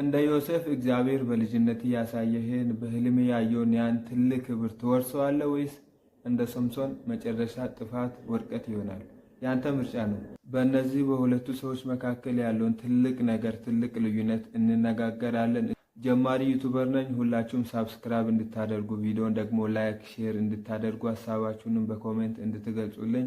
እንደ ዮሴፍ እግዚአብሔር በልጅነት እያሳየህን በህልም ያየውን ያን ትልቅ ክብር ትወርሰዋለህ ወይስ እንደ ሶምሶን መጨረሻ ጥፋት ወድቀት ይሆናል? ያንተ ምርጫ ነው። በእነዚህ በሁለቱ ሰዎች መካከል ያለውን ትልቅ ነገር ትልቅ ልዩነት እንነጋገራለን። ጀማሪ ዩቱበር ነኝ። ሁላችሁም ሳብስክራይብ እንድታደርጉ ቪዲዮን ደግሞ ላይክ፣ ሼር እንድታደርጉ ሀሳባችሁንም በኮሜንት እንድትገልጹልኝ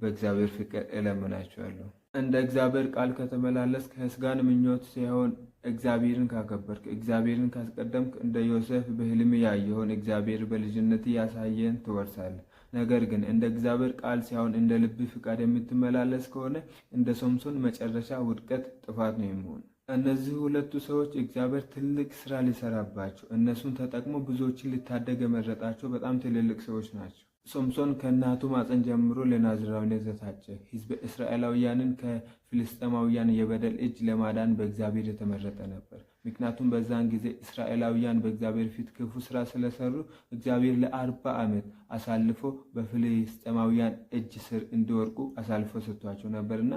በእግዚአብሔር ፍቅር እለምናችኋለሁ። እንደ እግዚአብሔር ቃል ከተመላለስ ከስጋን ምኞት ሲሆን እግዚአብሔርን ካከበርክ፣ እግዚአብሔርን ካስቀደምክ እንደ ዮሴፍ በህልም ያየኸውን እግዚአብሔር በልጅነት ያሳየን ትወርሳለህ። ነገር ግን እንደ እግዚአብሔር ቃል ሳይሆን እንደ ልብ ፍቃድ የምትመላለስ ከሆነ እንደ ሶምሶን መጨረሻ ውድቀት፣ ጥፋት ነው የሚሆን። እነዚህ ሁለቱ ሰዎች እግዚአብሔር ትልቅ ስራ ሊሰራባቸው፣ እነሱን ተጠቅሞ ብዙዎችን ሊታደግ የመረጣቸው በጣም ትልልቅ ሰዎች ናቸው። ሶምሶን ከእናቱ ማፀን ጀምሮ ለናዝራዊነት ዘታጨ። ህዝብ እስራኤላውያንን ከፍልስጤማውያን የበደል እጅ ለማዳን በእግዚአብሔር የተመረጠ ነበር። ምክንያቱም በዛን ጊዜ እስራኤላውያን በእግዚአብሔር ፊት ክፉ ስራ ስለሰሩ እግዚአብሔር ለአርባ ዓመት አሳልፎ በፍልስጤማውያን እጅ ስር እንዲወርቁ አሳልፎ ሰጥቷቸው ነበርና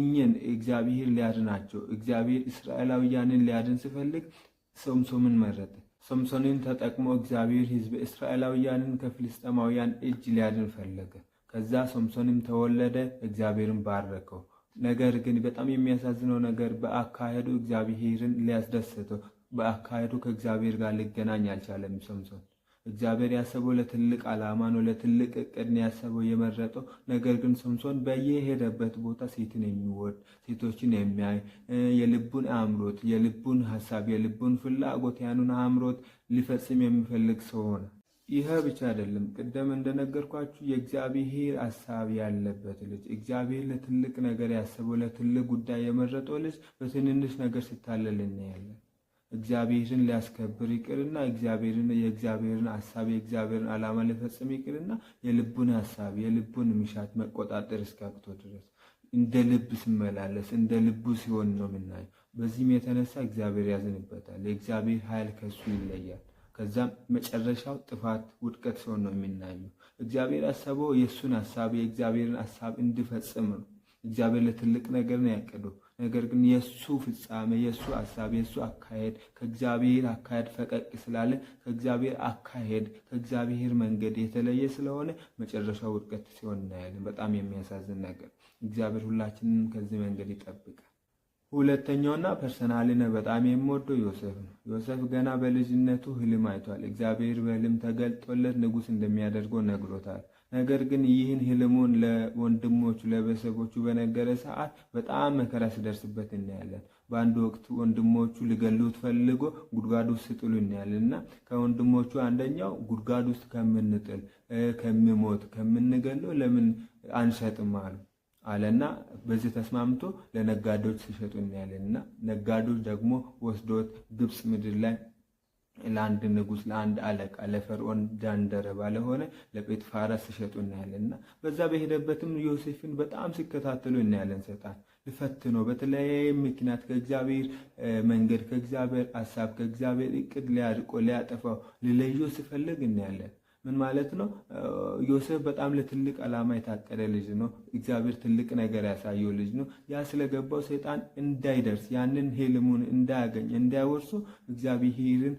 እኝን እግዚአብሔር ሊያድናቸው እግዚአብሔር እስራኤላውያንን ሊያድን ሲፈልግ ሶምሶምን መረጠ። ሶምሶንን ተጠቅሞ እግዚአብሔር ሕዝበ እስራኤላውያንን ከፍልስጥኤማውያን እጅ ሊያድን ፈለገ። ከዛ ሶምሶንም ተወለደ፣ እግዚአብሔርን ባረከው። ነገር ግን በጣም የሚያሳዝነው ነገር በአካሄዱ እግዚአብሔርን ሊያስደስተው በአካሄዱ ከእግዚአብሔር ጋር ሊገናኝ አልቻለም ሶምሶን። እግዚአብሔር ያሰበው ለትልቅ ዓላማ ነው፣ ለትልቅ እቅድ ነው ያሰበው የመረጠው። ነገር ግን ሰምሶን በየሄደበት ቦታ ሴትን የሚወድ ሴቶችን የሚያይ የልቡን አእምሮት፣ የልቡን ሀሳብ፣ የልቡን ፍላጎት ያኑን አእምሮት ሊፈጽም የሚፈልግ ሰው ሆነ። ይህ ብቻ አይደለም። ቅደም እንደነገርኳችሁ የእግዚአብሔር ሀሳብ ያለበት ልጅ፣ እግዚአብሔር ለትልቅ ነገር ያሰበው ለትልቅ ጉዳይ የመረጠው ልጅ በትንንሽ ነገር ሲታለል እናያለን። እግዚአብሔርን ሊያስከብር ይቅርና እግዚአብሔርን የእግዚአብሔርን ሀሳብ የእግዚአብሔርን ዓላማ ሊፈጽም ይቅርና የልቡን ሀሳብ የልቡን ምሻት መቆጣጠር እስከብቶ ድረስ እንደ ልብ ስመላለስ እንደ ልቡ ሲሆን ነው የምናየው። በዚህም የተነሳ እግዚአብሔር ያዝንበታል። የእግዚአብሔር ኃይል ከሱ ይለያል። ከዛም መጨረሻው ጥፋት ውድቀት ሲሆን ነው የምናየው። እግዚአብሔር ያሰበው የእሱን ሀሳብ የእግዚአብሔርን ሀሳብ እንዲፈጽም ነው። እግዚአብሔር ለትልቅ ነገር ነው ያቀደው። ነገር ግን የእሱ ፍጻሜ የእሱ ሀሳብ የእሱ አካሄድ ከእግዚአብሔር አካሄድ ፈቀቅ ስላለ ከእግዚአብሔር አካሄድ ከእግዚአብሔር መንገድ የተለየ ስለሆነ መጨረሻው ውድቀት ሲሆን እናያለን። በጣም የሚያሳዝን ነገር። እግዚአብሔር ሁላችንም ከዚህ መንገድ ይጠብቃል። ሁለተኛውና ፐርሰናል በጣም የምወደው ዮሴፍ ነው። ዮሴፍ ገና በልጅነቱ ህልም አይቷል። እግዚአብሔር በህልም ተገልጦለት ንጉስ እንደሚያደርገው ነግሮታል። ነገር ግን ይህን ህልሙን ለወንድሞቹ ለቤተሰቦቹ በነገረ ሰዓት በጣም መከራ ሲደርስበት እናያለን። በአንድ ወቅት ወንድሞቹ ሊገሉት ፈልጎ ጉድጓድ ውስጥ ስጥሉ እናያለን እና ከወንድሞቹ አንደኛው ጉድጓድ ውስጥ ከምንጥል ከሚሞት ከምንገለው ለምን አንሸጥም አሉ አለና በዚህ ተስማምቶ ለነጋዴዎች ሲሸጡ እናያለን እና ነጋዴዎች ደግሞ ወስዶት ግብፅ ምድር ላይ ለአንድ ንጉስ ለአንድ አለቃ ለፈርዖን ጃንደረባ ለሆነ ለጴጥፋራ ሲሸጡ እናያለን እና በዛ በሄደበትም ዮሴፍን በጣም ሲከታተሉ እናያለን። ሰይጣን ልፈትነው በተለያየ ምክንያት ከእግዚአብሔር መንገድ ከእግዚአብሔር ሀሳብ ከእግዚአብሔር እቅድ ሊያድቆ ሊያጠፋው ሊለየው ሲፈልግ እናያለን። ምን ማለት ነው? ዮሴፍ በጣም ለትልቅ ዓላማ የታቀደ ልጅ ነው። እግዚአብሔር ትልቅ ነገር ያሳየው ልጅ ነው። ያ ስለገባው ሰይጣን እንዳይደርስ ያንን ሄልሙን እንዳያገኝ እንዳይወርሱ እግዚአብሔርን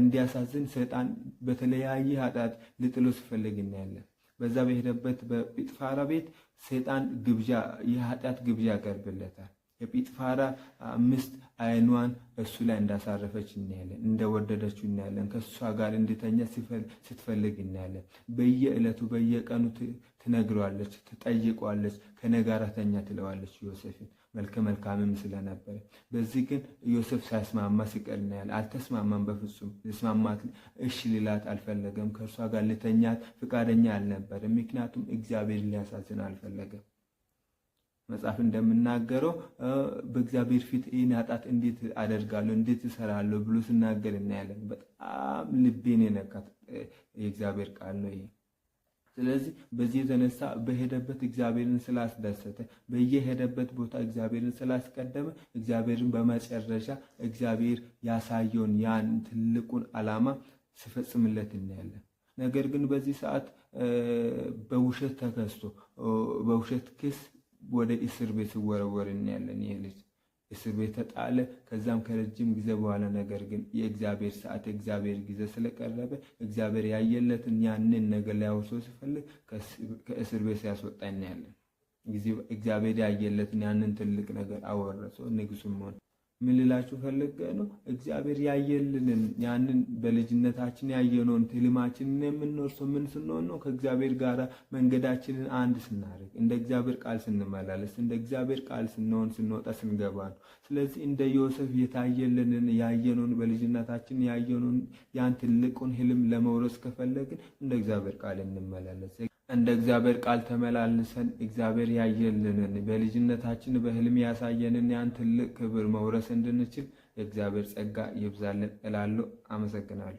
እንዲያሳዝን ሰይጣን በተለያየ ኃጢአት ልጥሎ ሲፈልግ እናያለን። በዛ በሄደበት በጲጥፋራ ቤት ሰይጣን ግብዣ የኃጢአት ግብዣ ያቀርብለታል። የጲጥፋራ ሚስት አይኗን እሱ ላይ እንዳሳረፈች እናያለን። እንደወደደችው እናያለን። ከእሷ ጋር እንድተኛ ስትፈልግ እናያለን። በየዕለቱ በየቀኑ ትነግረዋለች፣ ትጠይቀዋለች። ተኛ ትለዋለች ዮሴፍን መልከ መልካምም ስለነበረ በዚህ ግን ዮሴፍ ሳይስማማ ሲቀር እናያለን። አልተስማማም፣ በፍጹም ስማማት እሺ ሊላት አልፈለገም። ከእርሷ ጋር ልተኛት ፍቃደኛ አልነበረም። ምክንያቱም እግዚአብሔር ሊያሳዝን አልፈለገም። መጽሐፍ እንደምናገረው በእግዚአብሔር ፊት ይህን ኃጢአት እንዴት አደርጋለሁ እንዴት እሰራለሁ ብሎ ስናገር እናያለን። በጣም ልቤን የነካት የእግዚአብሔር ቃል ነው ይሄ። ስለዚህ በዚህ የተነሳ በሄደበት እግዚአብሔርን ስላስደሰተ፣ በየሄደበት ቦታ እግዚአብሔርን ስላስቀደመ እግዚአብሔርን በመጨረሻ እግዚአብሔር ያሳየውን ያን ትልቁን ዓላማ ስፈጽምለት እናያለን። ነገር ግን በዚህ ሰዓት በውሸት ተከስቶ በውሸት ክስ ወደ እስር ቤት ሲወረወር እናያለን። ይህ ልጅ እስር ቤት ተጣለ። ከዛም ከረጅም ጊዜ በኋላ ነገር ግን የእግዚአብሔር ሰዓት የእግዚአብሔር ጊዜ ስለቀረበ እግዚአብሔር ያየለትን ያንን ነገር ሊያወርሰው ሲፈልግ ከእስር ቤት ሲያስወጣ እናያለን። እግዚአብሔር ያየለትን ያንን ትልቅ ነገር አወረሰው። ንጉሱም ሆነ። ምን ልላችሁ ፈለገ ነው? እግዚአብሔር ያየልንን ያንን በልጅነታችን ያየነውን ትልማችንን የምንወርሰው ምን ስንሆን ነው? ከእግዚአብሔር ጋር መንገዳችንን አንድ ስናደርግ፣ እንደ እግዚአብሔር ቃል ስንመላለስ፣ እንደ እግዚአብሔር ቃል ስንሆን፣ ስንወጣ፣ ስንገባ ነው። ስለዚህ እንደ ዮሴፍ የታየልንን ያየነውን በልጅነታችን ያየነውን ያን ትልቁን ህልም ለመውረስ ከፈለግን እንደ እግዚአብሔር ቃል እንመላለስ። እንደ እግዚአብሔር ቃል ተመላልሰን እግዚአብሔር ያየልንን በልጅነታችን በህልም ያሳየንን ያን ትልቅ ክብር መውረስ እንድንችል የእግዚአብሔር ጸጋ ይብዛልን እላለሁ። አመሰግናለሁ።